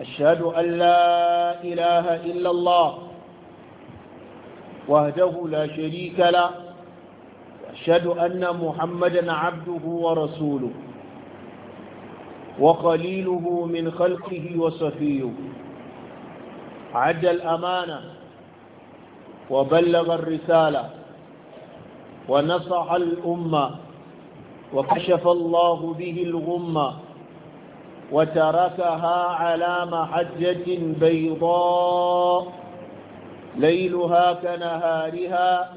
أشهد أن لا إله إلا الله وهده لا شريك له أشهد أن محمدا عبده ورسوله وقليله من خلقه وصفيه عد الأمانة وبلغ الرسالة ونصح الأمة وكشف الله به الغمة وتركها على محجة بيضاء ليلها كنهارها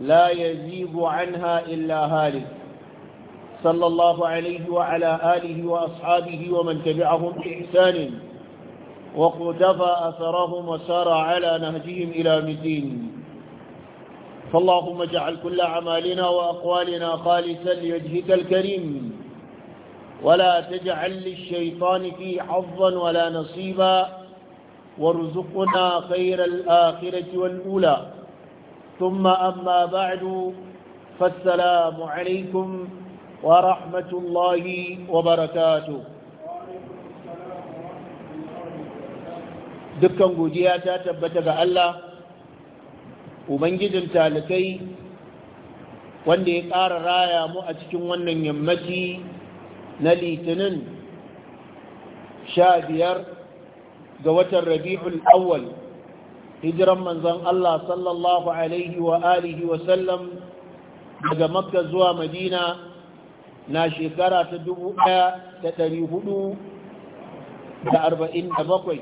لا يزيب عنها إلا هالك صلى الله عليه وعلى آله وأصحابه ومن تبعهم بإحسان وقتفى أثرهم وسار على نهجهم إلى مدين فاللهم اجعل كل أعمالنا وأقوالنا خالصا لوجهك الكريم ولا تجعل للشيطان في حظا ولا نصيبا وارزقنا خير الآخرة والأولى ثم أما بعد فالسلام عليكم ورحمة الله وبركاته dukkan godiya ta tabbata ga Allah ubangijin talikai wanda ya ƙara raya mu a cikin wannan yammaci na litinin sha biyar ga watan rabi'ul awwal hijiran manzon Allah sallallahu alaihi wa alihi wa sallam daga makka zuwa madina na shekara ta dubu ɗaya da ɗari hudu da arba'in da bakwai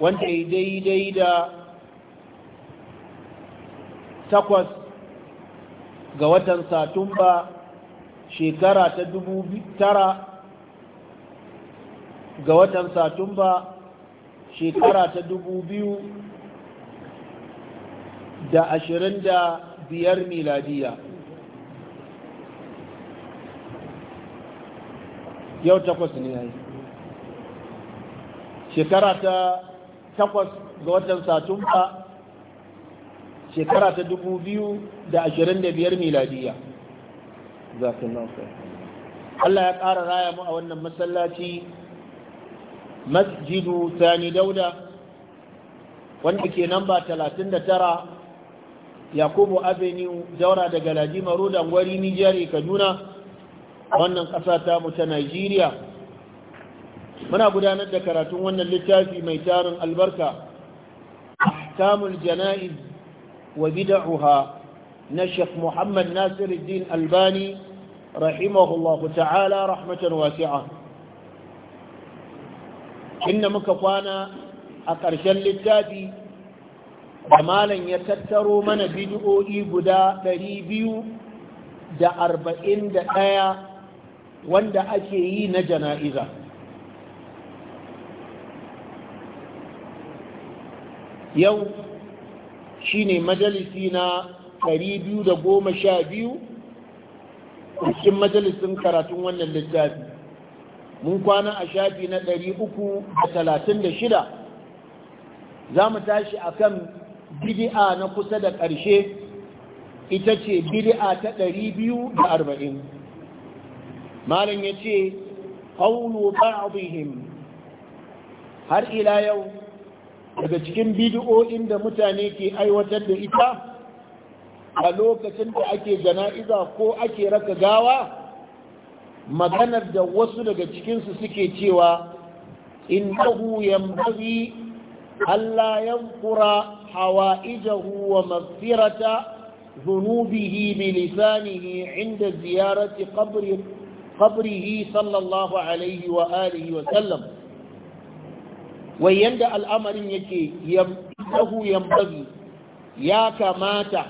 wanda ya daidai da takwas ga watan satumba shekara ta dubu tara ga watan satumba shekara ta dubu biyu da ashirin da biyar miladiya yau takwas ne ya yi shekara ta takwas ga watan satumba shekara ta dubu biyu da ashirin da biyar miladiya zakallahu Allah ya ƙara raya mu a wannan masallaci masjidu sani dauda wanda ke namba tara, yakubu avenue jaura daga lajima road angwari nijiyar kaduna wannan ƙasa ta mu ta nigeria muna gudanar da karatun wannan littafi mai tarin albarka ahkamul jana'iz wa bid'uha na Sheikh Muhammad Nasiruddin Albani rahimahullahu ta'ala rahmatan wasi'a inda muka kwana a ƙarshen littafi da malam ya tattaro mana bidiyo'i guda ɗari biyu da arba'in da ɗaya wanda ake yi na jana'iza yau shine majalisi na biyu da goma 212 a cikin majalisun karatun wannan littafi mun kwana a shafi na uku talatin da 336 za mu tashi a kan bidi'a na kusa da ƙarshe ita ce bidi'a ta biyu da arba'in. malin ya ce ƙaunu ba'adihim har ila yau daga cikin bidi'o'in da mutane ke aiwatar da ita a lokacin da ake jana'iza ko ake raka gawa maganar da wasu daga cikinsu suke cewa innahu yambaghi alla hawa hawaijahu wa maghfirata zunubihi bi lisanihi inda ziyarati qabri sallallahu alaihi wa alihi wa sallam wai yadda al'amarin yake innahu yambaghi ya kamata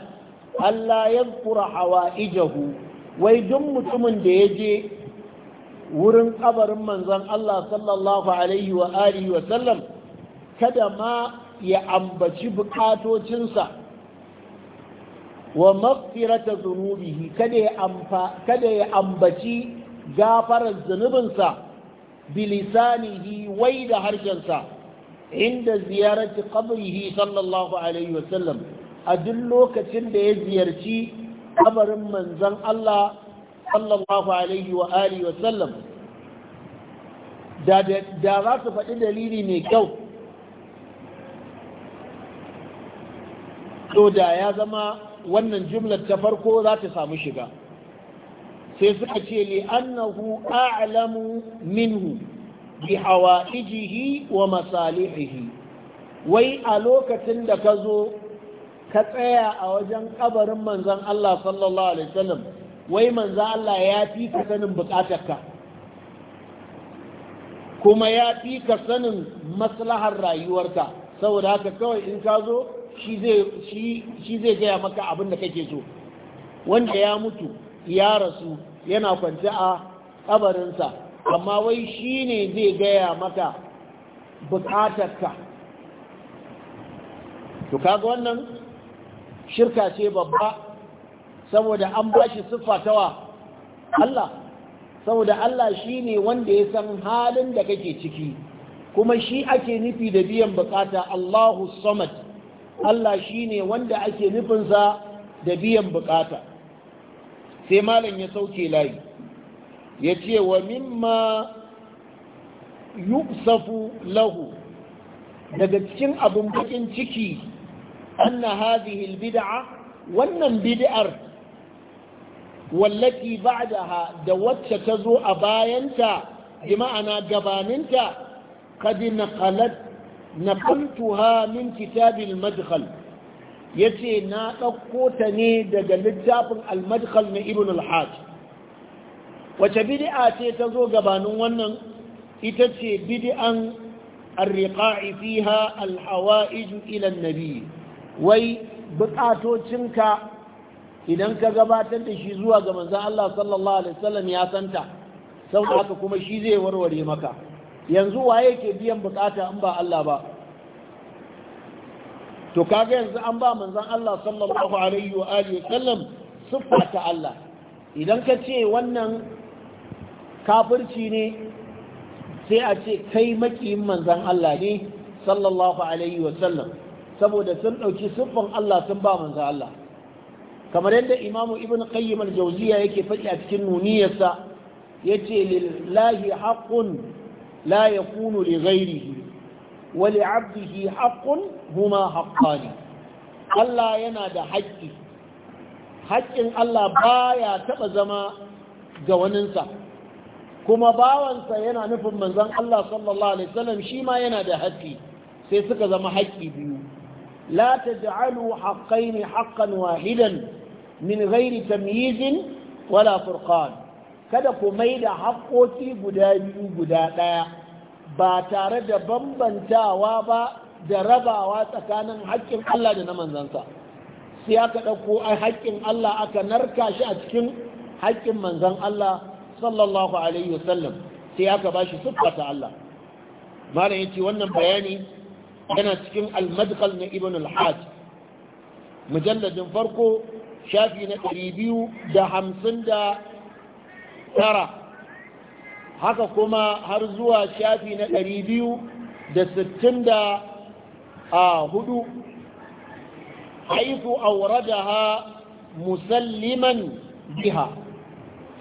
Allah ya kura hawa ijahu wai duk mutumin da ya je wurin kabarin manzon Allah sallallahu alaihi wa alihi kada ma ya ambaci bukatocinsa wa mafirata zunubihi kada ya ambaci gafarar zunubinsa bilisanihi wai da harshensa inda ziyarar ta sallallahu alaihi a duk lokacin da ya ziyarci kabarin manzon Allah sallallahu alaihi wa alihi wa sallam da za su faɗi dalili mai kyau to da ya zama wannan jumlar ta farko za ta samu shiga sai suka ce li annahu a'lamu minhu bi hawaijihi wa masalihihi wai a lokacin da ka zo ka tsaya a wajen kabarin manzan Allah sallallahu alaihi wasallam wai manzan Allah ya fi ka sanin bukatarka kuma ya fi ka sanin maslahar rayuwarka saboda haka kawai in ka zo shi zai gaya maka abin da kake so wanda ya mutu ya rasu yana kwanci a kabarinsa amma wai shi ne zai gaya maka bukatarka to kaga wannan shirka ce babba saboda an ba shi siffa Allah saboda Allah shi ne wanda ya san halin da kake ciki kuma shi ake nufi da biyan bukata Allahu samad Allah shi ne wanda ake nufinsa da biyan bukata sai malam ya sauke layi ya ce wa mimma yusafu lahu daga cikin abin bakin ciki anna hadhihi albid'a wannan bid'ar wallati ba'daha da wacce ta zo a bayanta bi ma'ana gabaninta qad naqalat naqaltuha min kitab al-madkhal yace na ɗauko ta ne daga littafin al-madkhal na ibn al-hajj wace bid'a ce ta zo gabanin wannan ita ce bid'an الرقاع فيها الحوائج إلى النبي wai bukatocinka idan ka gabatar da shi zuwa ga manzan Allah sallallahu alaihi wasallam ya santa sau da haka kuma shi zai warware maka yanzu waye ke biyan bukata in ba Allah ba to kaga yanzu an ba manzan Allah sallallahu alaihi wa wasallam siffa ta Allah idan ka ce wannan kafirci ne sai a ce kai makiyin manzan Allah ne sallallahu alaihi wasallam saboda sun ɗauki siffan Allah sun ba manzo Allah kamar yadda imamu ibn qayyim al-jawziya yake faɗi a cikin nuniyarsa yace lillahi haqqun la yakunu li ghayrihi wa li 'abdihi haqqun huma haqqani Allah yana da haƙƙi haƙƙin Allah baya taɓa zama ga waninsa kuma bawansa yana nufin manzon Allah sallallahu alaihi wasallam shi ma yana da haƙƙi sai suka zama haƙƙi biyu لا تجعلوا حقين حقا واحدا من غير تمييز ولا فرقان kada ku mai da haƙoƙi guda biyu guda ɗaya ba tare da bambantawa ba da rabawa tsakanin haƙƙin Allah da na manzansa sai aka ɗauko a haƙƙin Allah aka narka shi a cikin haƙƙin manzan Allah sallallahu alaihi wasallam sai aka ba shi siffata Allah malam yace wannan bayani yana cikin almakar na ibn al-hajj mujalladin farko shafi na 259 haka kuma har zuwa shafi na 264 haifu ha musalliman biha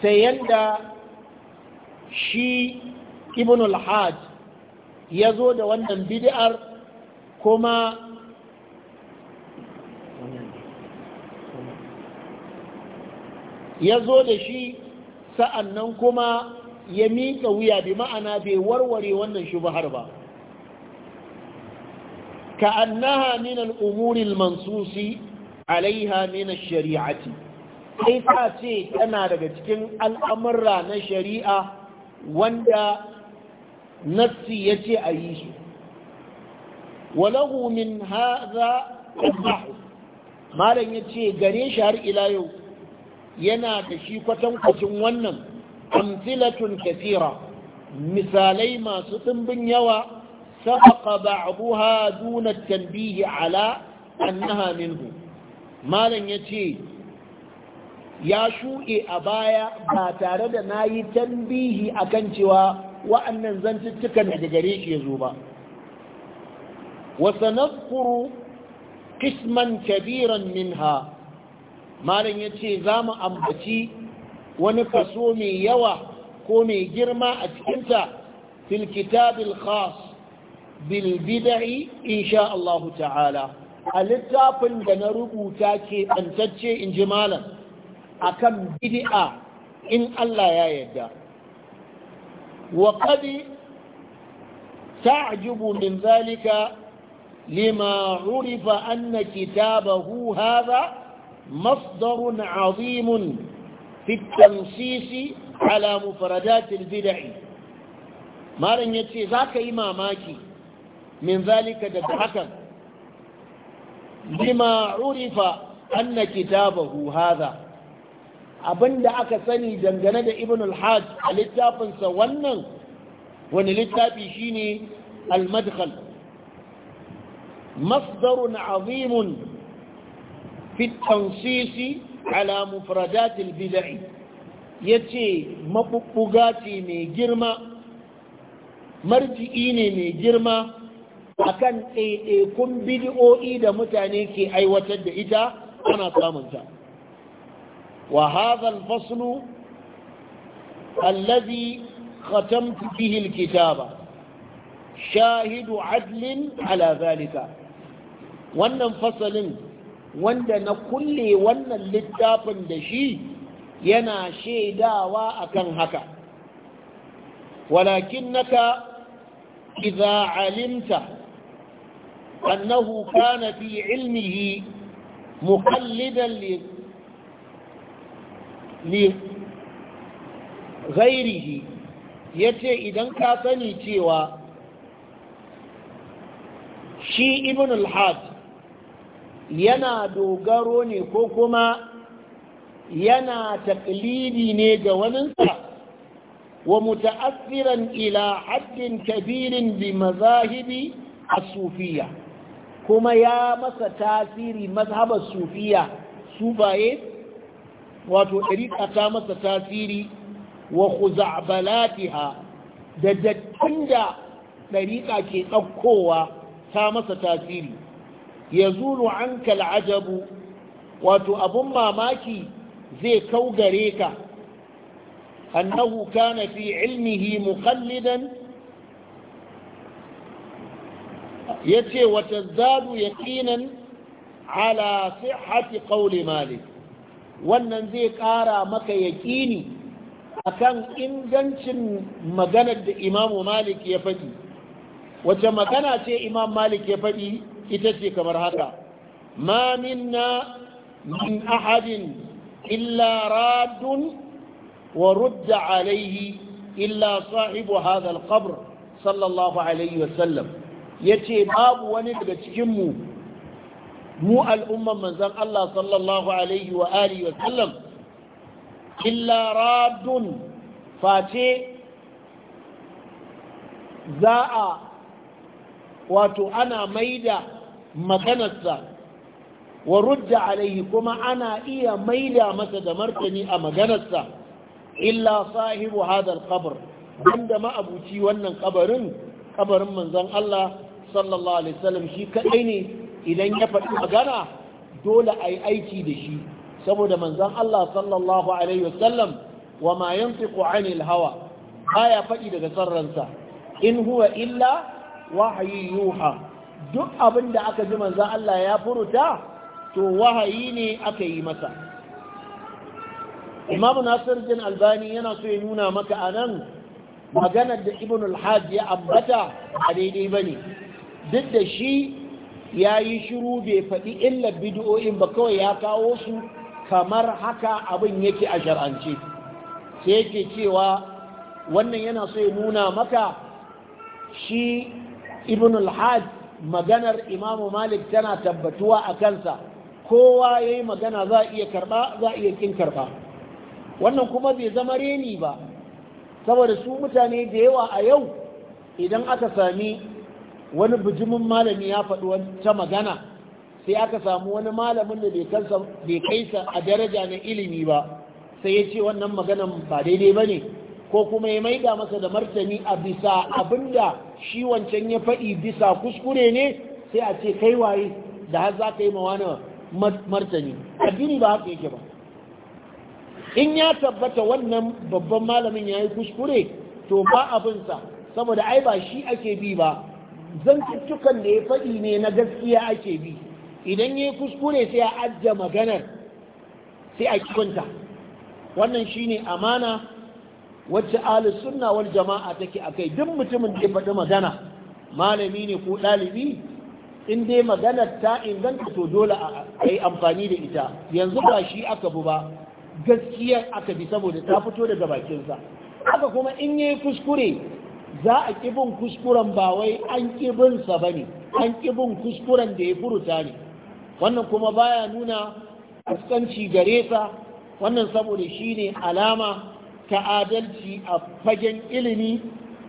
sai yanda shi ibn al-hajj ya zo da wannan bid'ar kuma ya zo da shi sa'annan kuma ya miƙa wuya bi ma'ana bai warware wannan shubhar ba ka annaha min al'umuri mansusi alaiha min shari'ati sai ta ce tana daga cikin al'amurra na shari'a wanda nassi ya ce a yi su walahu min haza albahu malam ya ce gare shi har ila yau yana da shi kwatankwacin wannan amsilatun kafira misalai masu ɗimbin yawa sabaka ba'abuha duna tambihi ala annaha minhu malam ya ce ya shuɗe a baya ba tare da na yi tambihi kan cewa wa'annan zantuttukan daga gare shi ya zo ba wasanakuru kisman kabiran minha Malam ya ce za mu ambaci wani kaso mai yawa ko mai girma a cikinta filkita bilkhas bilbidari insha Allah ta'ala a littafin da na rubuta ke ɗantacce in ji malam Akan kan bidi'a in Allah ya yadda wa ƙadi ta ajibu min zalika لما عرف أن كتابه هذا مصدر عظيم في التنصيص على مفردات البدع ما لن يتشي ذاك إماماكي من ذلك تدحكا لما عرف أن كتابه هذا abinda aka sani dangane da ibn al-hajj a littafinsa wannan wani littafi shine al-madkhal مصدر عظيم في التنصيص على مفردات البدع يتي مبقوقاتي مي جرما مرجئيني مي جرما أكن اي اي كن بدعو ايدا متانيكي اي وتد ايدا انا تامنتا وهذا الفصل الذي ختمت به الكتابة شاهد عدل على ذلك wannan fasalin wanda na kulle wannan littafin da shi yana shaidawa akan haka walakin naka idza alimta annahu kana fi ilmihi muqallidan li ghairihi yace idan ka sani cewa shi ibn al-hajj yana dogaro ne ko kuma yana taklidi ne ga waninsa wa muta'assiran ila haddin kabirin bi mazahibi a Sufiya kuma ya masa tasiri mazhabar sufiya sufaye wato ɗariƙa ta masa tasiri wa khuza'balatiha da dattin da ɗariƙa ke ɗaukowa ta masa tasiri ya zulu an ajabu wato abun mamaki zai kau gare ka annahu kana fi ilmihi mukhallidan ya ce wata zadu yaqinan ala sihhati qawli malik wannan zai ƙara maka yaƙini akan ingancin maganar da imamu malik ya faɗi wace magana ce imam malik ya faɗi ita ce kamar haka ma minna min ahadin illa radun wa rudda alaihi illa sahibu hadal alqabr sallallahu alaihi wasallam yace babu wani daga cikinmu mu mu al'umman manzon Allah sallallahu alaihi wa alihi wasallam illa radun face za a wato ana maida maganarsa wa rudda alaihi kuma ana iya maida masa da martani a maganarsa illa sahibu hadal kabar. wanda ma'abuci wannan kabarin kabarin manzon Allah sallallahu alaihi wasallam shi kadai ne idan ya faɗi magana dole a yi aiki da shi saboda manzon Allah sallallahu alaihi wasallam wa ma yantiqu anil hawa baya faɗi daga sarransa in huwa illa wahayi yuha duk abin da aka ji manzan Allah ya furuta to wahayi ne aka yi masa imamu nasir jin albani yana so ya nuna maka a nan maganar da ibn al-hajj ya ambata a daidai ba ne duk da shi ya yi shiru bai faɗi illar bidiyoyin ba kawai ya kawo su kamar haka abin yake a shar'ance sai yake cewa wannan yana so ya nuna maka shi ibn al-hajj maganar imamu malik tana tabbatuwa a kansa kowa ya yi magana za a iya karɓa za a iya ƙin karɓa wannan kuma bai zama reni ba saboda su mutane da yawa a yau idan aka sami wani bijimin malami ya faɗi wata magana sai aka samu wani malamin da bai kaisa a daraja na ilimi ba sai ya ce wannan maganan ba daidai ba ne ko kuma ya maida masa da martani a bisa abinda shi wancan ya faɗi bisa kuskure ne sai a ce kai waye da har za ka yi mawana martani addini ba haka yake ba in ya tabbata wannan babban malamin ya yi kuskure to ba abinsa saboda ai ba shi ake bi ba zan zantuttukan da ya faɗi ne na gaskiya ake bi idan ya yi kuskure sai a ajiye maganar sai a kikunta wannan shine amana wacce ahlus sunna wal jama'a take akai duk mutumin da ya faɗi magana malami ne ko ɗalibi in dai maganar ta inganta to dole a yi amfani da ita yanzu ba shi aka bu ba gaskiyar aka bi saboda ta fito daga bakinsa haka kuma in yi kuskure za a kibin kuskuren ba wai an kibinsa ba ne an kibin kuskuren da ya furuta ne wannan kuma baya nuna fuskanci gare sa wannan saboda shine alama ta adalci a fagen ilimi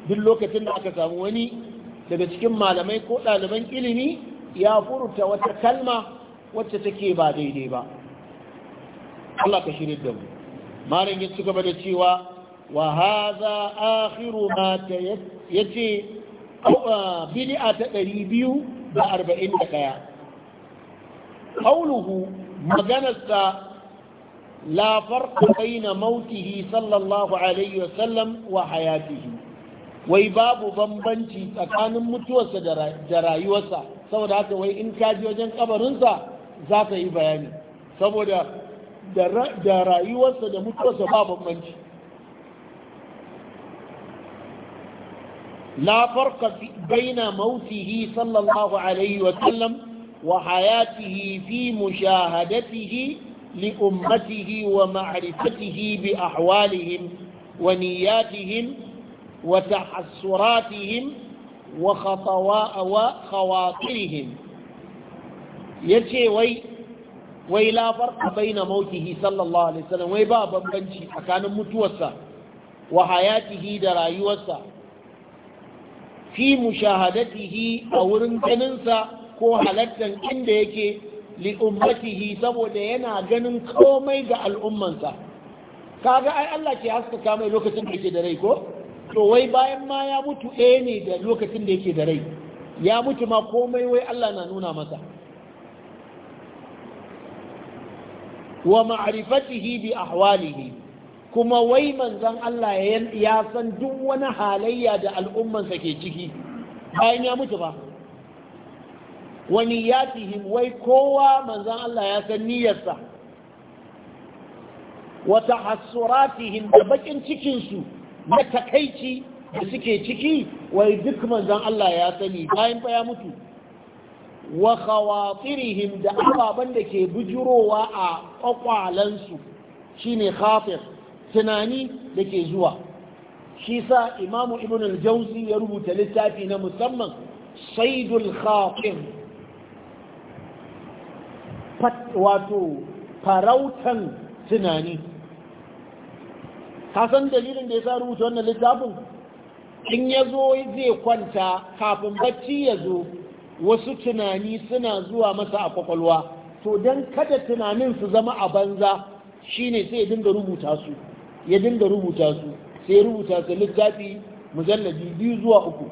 duk lokacin da aka samu wani daga cikin malamai ko ɗaliban ilimi ya furta wata kalma wacce take ba daidai ba Allah ka shirin da mu malam ya cigaba da cewa wa haza akhiru ma ta yace bid'a ta 241 qawluhu maganarsa لا فرق بين موته صلى الله عليه وسلم وحياته wai babu bambanci tsakanin mutuwarsa da rayuwarsa saboda haka wai in kaji wajen kabarinsa za ka yi bayani saboda da rayuwarsa da mutuwarsa ba bambanci la farqa baina mautihi sallallahu alaihi wa sallam wa hayatihi fi mushahadatihi لأمته ومعرفته بأحوالهم ونياتهم wa وخواطرهم يتي وي wai la farqa baina sallallahu alaihi wasallam wai ba bambanci tsakanin mutuwarsa wa hayatihi da rayuwarsa fi mushahadatihi a wurin ganinsa ko halattan inda yake li ummatihi saboda yana ganin komai ga al'ummansa kaga ai Allah ke haskaka mai lokacin da yake da rai ko to wai bayan ma ya mutu eh ne da lokacin da yake da rai ya mutu ma komai wai Allah na nuna masa wa ma'rifatihi bi ahwalihi kuma wai manzon Allah ya san duk wani halayya da al'ummansa ke ciki bayan ya mutu ba wani niyyatihim wai kowa manzon Allah ya san niyyarsa wata tahassuratihim da bakin cikin su na takaici da suke ciki wai duk manzon Allah ya sani bayan fa ya mutu wa khawatirihim da ababan da ke bujurowa a kwakwalansu shine khatir tunani da ke zuwa shi sa imamu ibn al-jawzi ya rubuta littafi na musamman saidul khatir wato farautan tunani kasan dalilin da ya sa rubuta wannan littafin in ya zo zai kwanta kafin bacci ya zo wasu tunani suna zuwa masa a kwakwalwa to don kada tunanin su zama a banza shine sai ya dinga rubuta su ya dinga rubuta su sai rubuta su littafi mujallabi biyu zuwa uku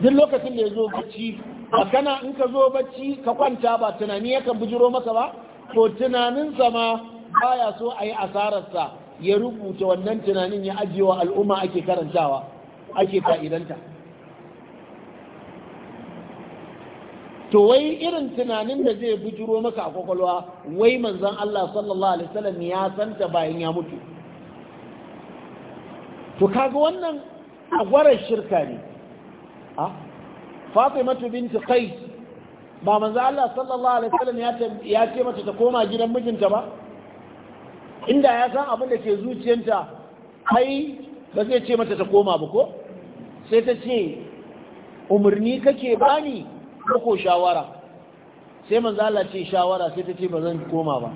duk lokacin da ya zo bacci a kana in ka zo bacci ka kwanta ba tunani yakan bujiro maka ba to tunaninsa ma baya so a yi asararsa ya rubuta wannan tunanin ya ajiye al'umma ake karantawa ake fa'idanta to wai irin tunanin da zai bujiro maka a kwakwalwa wai manzon Allah sallallahu alaihi wasallam ya santa bayan ya mutu to kaga wannan agwarar shirka ne ah, fatimatu binti qais ba manzo Allah sallallahu alaihi wasallam ya ce mata ta koma gidan mijinta ba inda ya san abin da ke zuciyarta kai ba zai ce mata ta koma ba ko sai ta ce umarni kake bani ko shawara sai manzo Allah ce shawara sai ta ce ba zan koma ba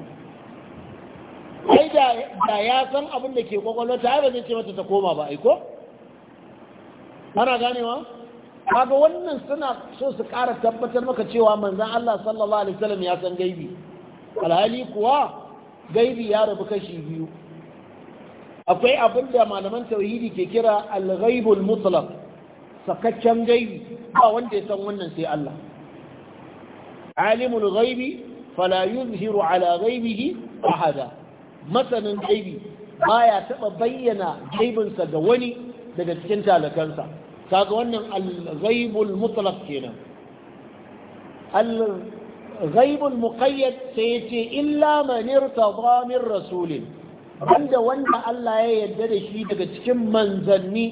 Kai da ya san abin da ke kwakwalwa ta ba zai ce mata ta koma ba ai ko ana ganewa kaga wannan suna so su ƙara tabbatar maka cewa manzan Allah sallallahu alaihi wasallam ya san gaibi alhali kuwa gaibi ya rabu kashi biyu akwai abin da malaman tauhidi ke kira al-ghaibul mutlaq sakaccen gaibi ba wanda ya san wannan sai Allah alimul ghaibi fala yuzhiru ala ghaibihi ahada masanin gaibi baya taba bayyana gaibinsa ga wani daga cikin talakansa kaga wannan al-ghaibul mutlaq kenan al-ghaibul muqayyad sai yace illa man irtada min rasulin wanda wanda Allah ya yarda da shi daga cikin manzanni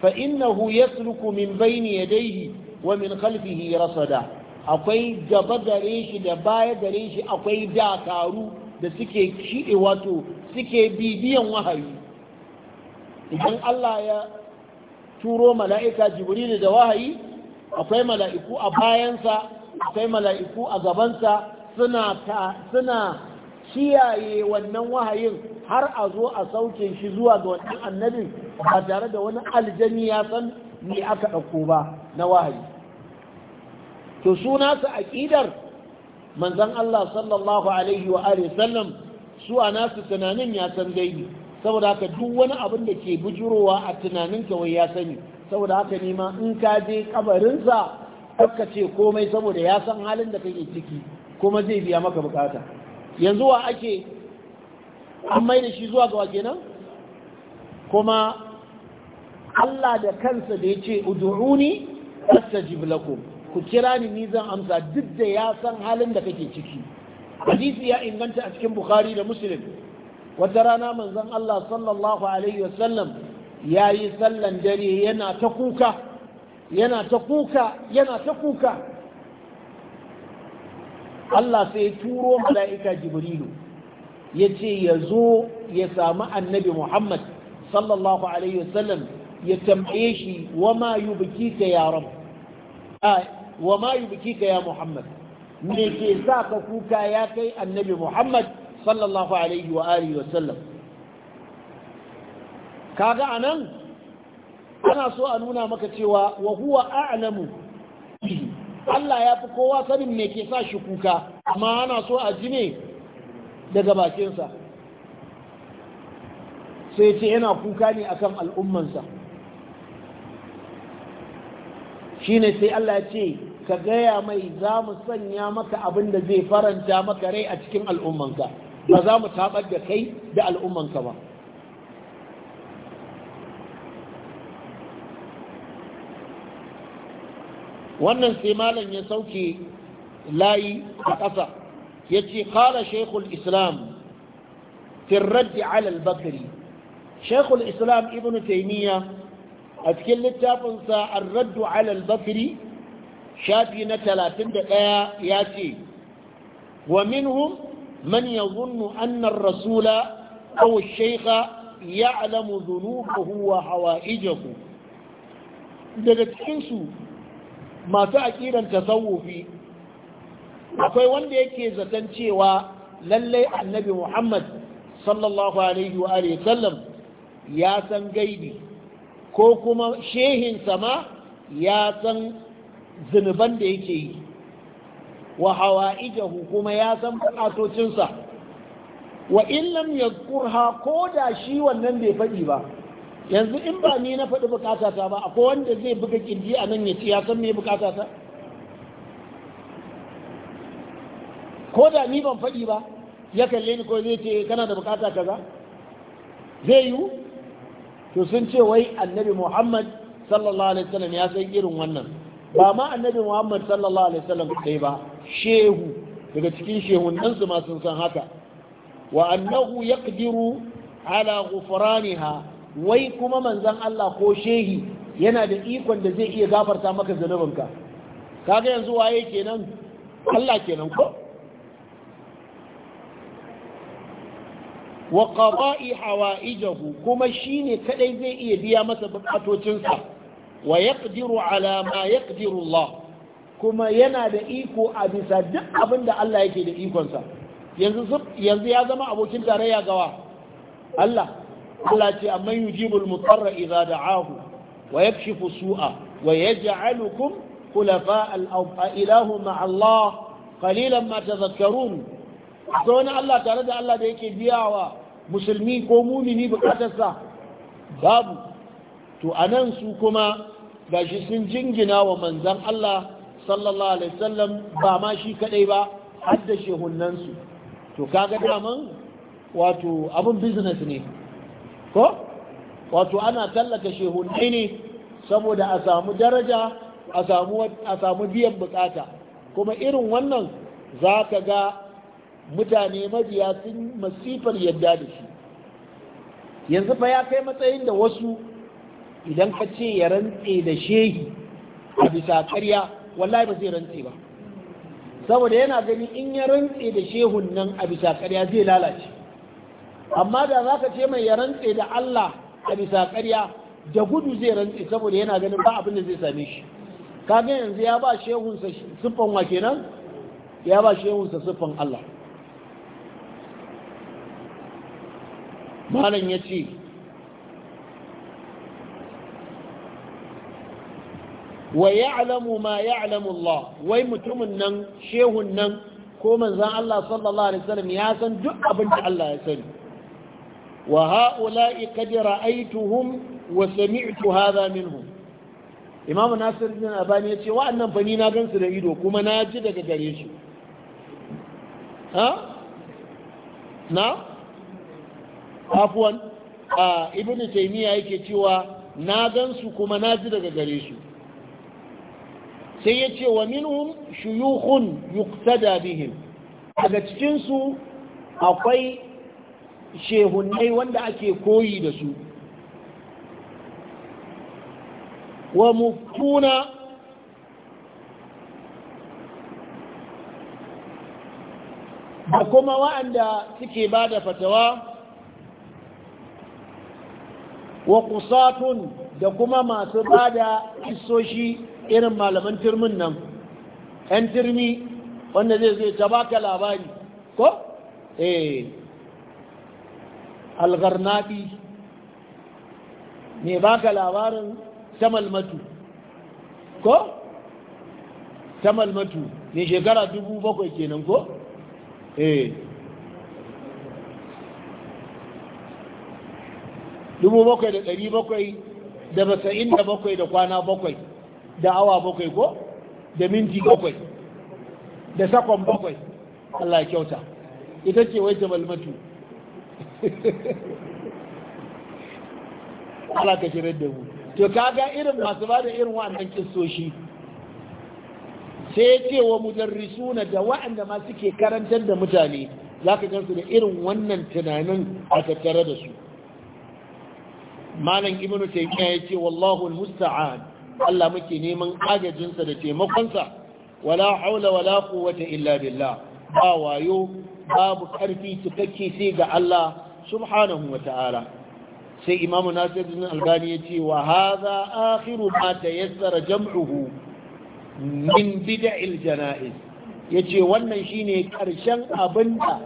fa innahu yasluku min bayni yadayhi wa min khalfihi rasada akwai gaba gare shi da baya gare shi akwai dakaru da suke kiɗe wato suke bibiyan wahayi idan Allah ya turo mala'ika jibrilu da wahayi akwai mala'iku a bayansa akwai mala'iku a gabansa suna ciyaye kiyaye wannan wahayin har a zo a sauke shi zuwa ga wannan annabin ba tare da wani aljani ya san me aka ɗauko ba na wahayi to suna su aƙidar manzon Allah sallallahu alaihi wa sallam su a nasu tunanin ya san daidai. saboda haka duk wani abin da ke bujurowa a tunanin kawai ya sani saboda haka nima in ka je kabarinsa ka ce komai saboda ya san halin da kake ciki kuma zai biya maka bukata yanzu wa ake an mai da shi zuwa ga kenan kuma Allah da kansa da ya ce ud'uni astajib lakum ku kira ni ni zan amsa duk da ya san halin da kake ciki hadisi ya inganta a cikin bukhari da muslim wata rana manzon Allah sallallahu alaihi wasallam ya yi sallan dare yana ta kuka yana ta kuka yana ta kuka Allah sai turo mala'ika jibrilu ya ce ya zo ya samu annabi Muhammad sallallahu alaihi wasallam ya tambaye shi wa ma yubkika ya rab wa ma yubkika ya Muhammad me ke sa ka kuka ya kai annabi Muhammad sallallahu alaihi wa alihi wasallam. kaga anan ana so a nuna maka cewa wa huwa a'lamu Allah ya fi kowa sanin me ke sa shi kuka amma ana so a ji ne daga bakinsa sai ce yana kuka ne akan al'ummansa shine sai Allah ya ce ka gaya mai za mu sanya maka abin da zai faranta maka rai a cikin al'ummanka ba za mu tabar da kai da al'ummanka ba wannan sai malam ya sauke layi a ƙasa ya ce ƙala shekul islam firraddi alal bakari shekul islam ibn taimiyya a cikin littafinsa an raddu alal bakari shafi na 31 ya ce wa minhum من يظن أن الرسول أو الشيخ يعلم ذنوبه وحوائجه daga cikinsu masu aƙiran tasawufi akwai wanda yake zaton cewa lallai annabi muhammad sallallahu alaihi wa sallam ya san gaidi, ko kuma shehin ma ya san zunuban da yake yi wa hawa'ijahu kuma ya san bukatocinsa wa in lam yadhkurha ko da shi wannan bai faɗi ba yanzu in ba ni na faɗi bukatata ba akwai wanda zai buga kirji a nan ya ci ya san me bukatata ko da ni ban faɗi ba ya kalle ni ko zai ce kana da bukata kaza zai yiwu to sun ce wai annabi muhammad sallallahu alaihi wasallam ya san irin wannan ba ma annabi muhammad sallallahu alaihi wasallam kai ba shehu daga cikin su ma sun san haka wa annahu yaqdiru ala ghufraniha wai kuma manzon Allah ko shehi yana da ikon da zai iya gafarta maka zanubanka kaga yanzu waye kenan Allah kenan ko wa qada'i hawaijahu kuma shine kadai zai iya biya masa bukatocinsa wa yaqdiru alama ma yaqdiru Allah kuma yana da iko a bisa duk abin da Allah yake da ikonsa yanzu ya zama abokin tarayya gawa Allah Allah ce amma yujibul mutarra idza da'ahu wa yakshifu su'a wa yaj'alukum khulafa al-ard ilahu ma Allah qalilan ma tadhakkarun so Allah tare da Allah da yake biyawa musulmi ko mumini bukatarsa babu to a nan su kuma gashi sun jingina wa manzan Allah sallallahu alaihi wasallam ba ma shi kadai ba har da shehunansu to kaga daman wato abun business ne ko wato ana tallaka shehunai ne saboda a samu daraja a samu a samu biyan bukata kuma irin wannan za ka ga mutane mabiya sun masifar yadda da shi yanzu fa ya kai matsayin da wasu idan ka ce ya rantse da shehi a bisa karya wallahi ba zai rantse ba saboda yana gani in ya rantse da shehun nan a bisa karya zai lalace amma da za ka ce mai ya rantse da Allah a bisa karya da gudu zai rantse saboda yana ganin ba abin da zai same shi Ka ga yanzu ya ba shehunsa siffan wa kenan ya ba shehunsa siffan Allah malam ya ce wa ya'lamu ma ya'lamu Allah wai mutumin nan shehun nan ko manzon Allah sallallahu alaihi wasallam ya san duk abin da Allah ya sani wa ha'ula'i qad ra'aytuhum wa sami'tu hadha minhum Imam Nasir bin Albani ya ce wa'annan fa ni na gansu da ido kuma na ji daga gare shi ha na afwan ibn taymiya yake cewa na gansu kuma na ji daga gare shi sai ya ce wa minhum shuyukhun yuqtada bihim daga cikin su akwai shehunnai wanda ake koyi da su wa muftuna da kuma wa'anda suke ba da fatawa wa kusatun da kuma masu bada da isoshi irin malaman turmin nan ‘yan turmi wanda zai zai ta baka labari ko? eh algarnaɗi ne baka labarin matu ko? matu ne shekara dubu bakwai kenan ko? eh dubu bakwai da ɗari bakwai da basa'in da bakwai da kwana bakwai da awa bakwai ko da minti bakwai da sakon bakwai Allah ya kyauta ita ce wai ta matu Allah ka shirar da mu to kaga irin masu ba da irin wa'annan kistoshi sai ya ce wa na da wa'anda ma suke karantar da mutane za ka gansu da irin wannan tunanin a tattare da su malam ibnu taymiya ya ce wallahu al musta'an Allah muke neman agajinsa da taimakonsa wala haula wala quwwata illa billah ba wayo babu karfi cikakke sai ga Allah subhanahu wa ta'ala sai imamu nasir bin albani ya ce wa hadha akhiru ma tayassara jam'uhu min bid'il janaiz yace wannan shine karshen abinda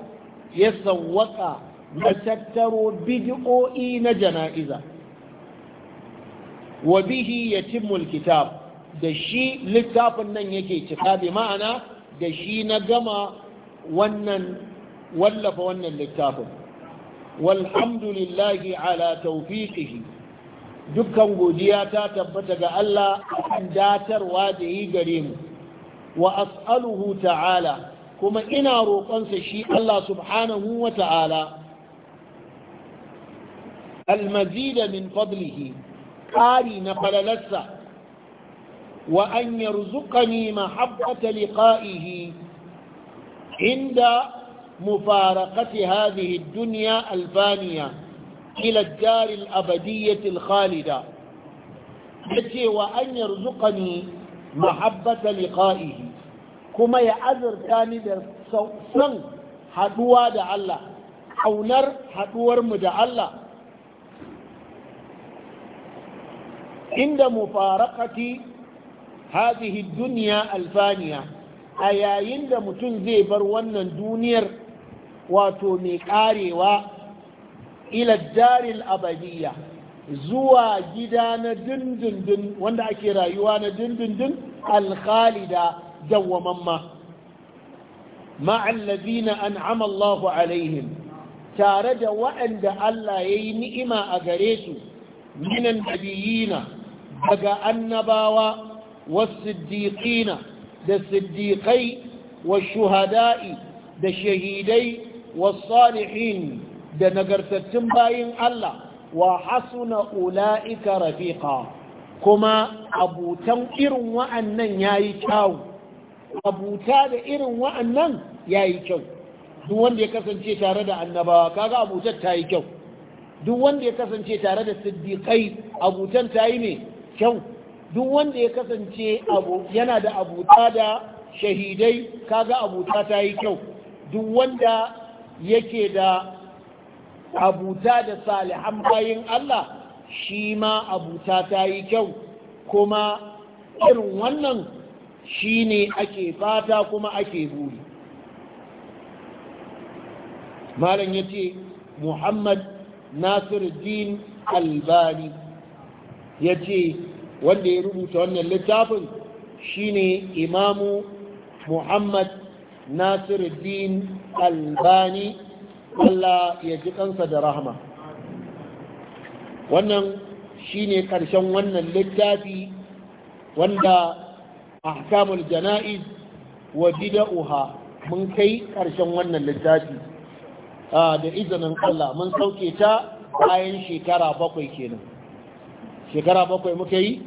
ya sawwaka na tattaro bid'o'i na jana'iza wa bihi yatimul kitab da shi littafin nan yake cika bi ma'ana da shi na gama wannan wallafa wannan littafin walhamdulillahi ala tawfiqihi dukkan godiya ta tabbata ga Allah kan datarwa da yi gare mu wa as'aluhu ta'ala kuma ina roƙonsa shi Allah subhanahu wa ta'ala almazida min fadlihi ƙari na falalarsa wa an yarzuqani mahabbata liqa'ihi inda mufarakati hadhihi ad-dunya al-faniya ila ad-dar al-abadiyyah al-khalida yace wa an yarzuqani mahabbata liqa'ihi kuma ya azurta ni da son haduwa da Allah kaunar haduwar mu da Allah inda mufaraƙati hazihi duniya alfaniya a yayin da mutum zai bar wannan duniyar wato mai ƙarewa iladdaril abadiya zuwa gida na dindindin wanda ake rayuwa na dindindin alƙalida dawwamamma ma'allazi na an amallahu alaihim tare da waɗanda Allah ya yi ni'ima a gare su minan daga annabawa wasiddiqina da siddiqai shuhada'i da shahidai wasalihin da nagartattun bayin Allah wa hasuna ula'ika rafiqa kuma abutan irin wa'annan yayi kyau abuta da irin wa'annan yayi kyau duk wanda ya kasance tare da annabawa kaga abutar ta yi kyau duk wanda ya kasance tare da siddiqai abutan ta yi ne kyau duk wanda ya kasance yana da abuta da shahidai kaga abuta ta yi kyau duk wanda yake da abuta da salihan bayin Allah shi ma abuta ta yi kyau kuma irin wannan shi ne ake fata kuma ake buri malam ya ce muhammad nasiruddin albani ya ce wanda ya rubuta wannan littafin shine imamu muhammad nasiruddin albani allah ya ji kansa da rahama wannan shine karshen wannan littafi wanda ahkamul jana'iz wa bida'uha mun kai karshen wannan littafi ah, da izinin Allah mun sauke ta bayan shekara bakwai kenan shekara bakwai muka yi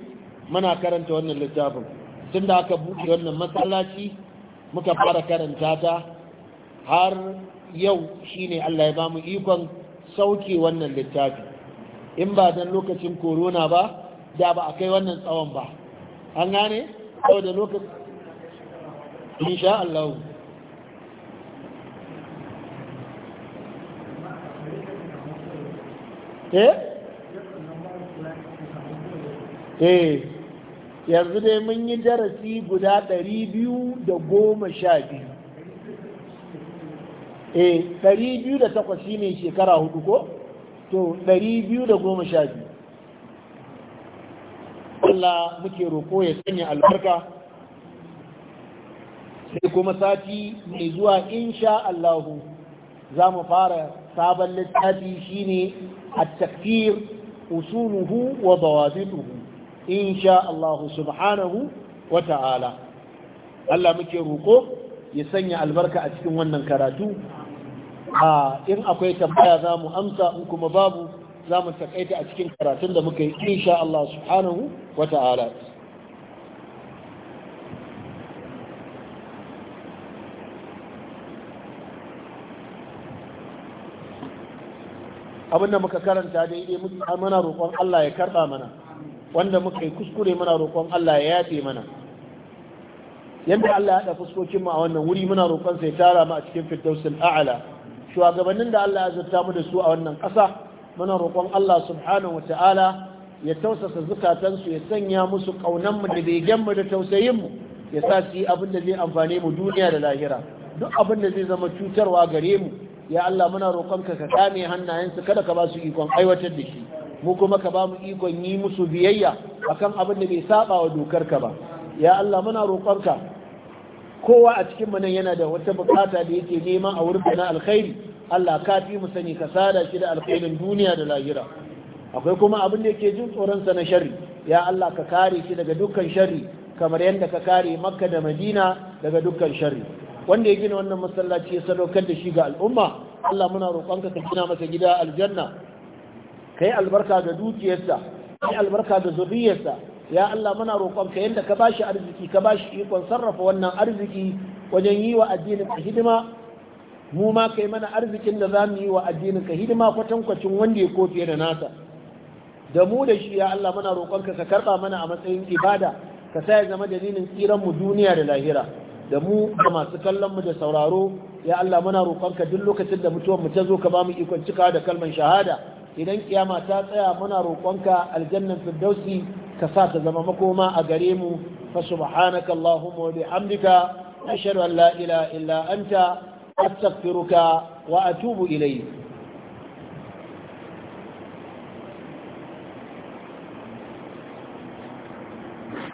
muna karanta wannan littafin tun da aka buɗe wannan matsalaci muka fara karanta ta har yau shine Allah ya bamu ikon sauke wannan littafi in ba dan lokacin korona ba da ba a kai wannan tsawon ba an gane sau da lokacin insha Allah eh eh yanzu dai mun yi darasi guda ɗari biyu da goma sha biyu eh ɗari biyu da takwas shi ne shekara hudu ko to ɗari biyu da goma sha biyu Allah muke roƙo ya sanya albarka sai kuma sati mai zuwa insha Allahu za mu fara sabon littafi shine a takfir usuluhu wa bawazituhu sha Allah subhanahu wa ta'ala Allah muke roƙo ya sanya albarka a cikin wannan karatu a in akwai tambaya za mu amsa in kuma babu za mu takaita a cikin karatun da muka yi sha Allah subhanahu wa ta'ala abinda muka karanta dai-dai daidai muna roƙon Allah ya karɓa mana wanda muka yi kuskure muna roƙon Allah ya yafe mana yanda Allah ya haɗa fuskokin mu a wannan wuri muna roƙon ya tara mu a cikin firdausul a'la shugabannin da Allah ya zurta mu da su a wannan ƙasa muna roƙon Allah subhanahu wata'ala ya tausasa zukatansu ya sanya musu kaunan mu da begen mu da tausayin mu ya sa su yi abin da zai amfane mu duniya da lahira duk abin da zai zama cutarwa gare mu ya Allah muna roƙonka ka kame hannayensu kada ka ba su ikon aiwatar da shi mu kuma ka ba mu ikon yi musu biyayya akan abin da bai saba wa dokar ka ba ya Allah muna roƙonka kowa a cikin nan yana da wata bukata da yake nema a wurin na alkhairi Allah ka fi mu sani ka sada shi da alkhairin duniya da lahira akwai kuma abin da yake jin tsoron sa na sharri ya Allah ka kare shi daga dukkan sharri kamar yadda ka kare Makka da Madina daga dukkan sharri wanda ya gina wannan masallaci ya sadaukar da shi ga al'umma Allah muna roƙonka ka gina masa gida aljanna kai albarka ga dukiyarsa kai albarka ga zuriyarsa ya Allah muna roƙon ka ka bashi arziki ka bashi ikon sarrafa wannan arziki wajen yi wa addinin ka hidima mu ma kai mana arzikin da za mu yi wa addinin ka hidima kwatankwacin wanda ya kofi da nasa da mu da shi ya Allah muna roƙon ka ka karɓa mana a matsayin ibada ka sa ya zama dalilin tsiran mu duniya da lahira da mu da masu kallon mu da sauraro ya Allah muna roƙon duk lokacin da mutuwar mu ta zo ka ba mu ikon cika da kalmar shahada idan kiyama ta tsaya muna roƙonka aljannan firdausi ka sa ta zama makoma a gare mu fa subhanaka allahumma wa bihamdika ashhadu an la ilaha illa anta astaghfiruka wa atubu ilayk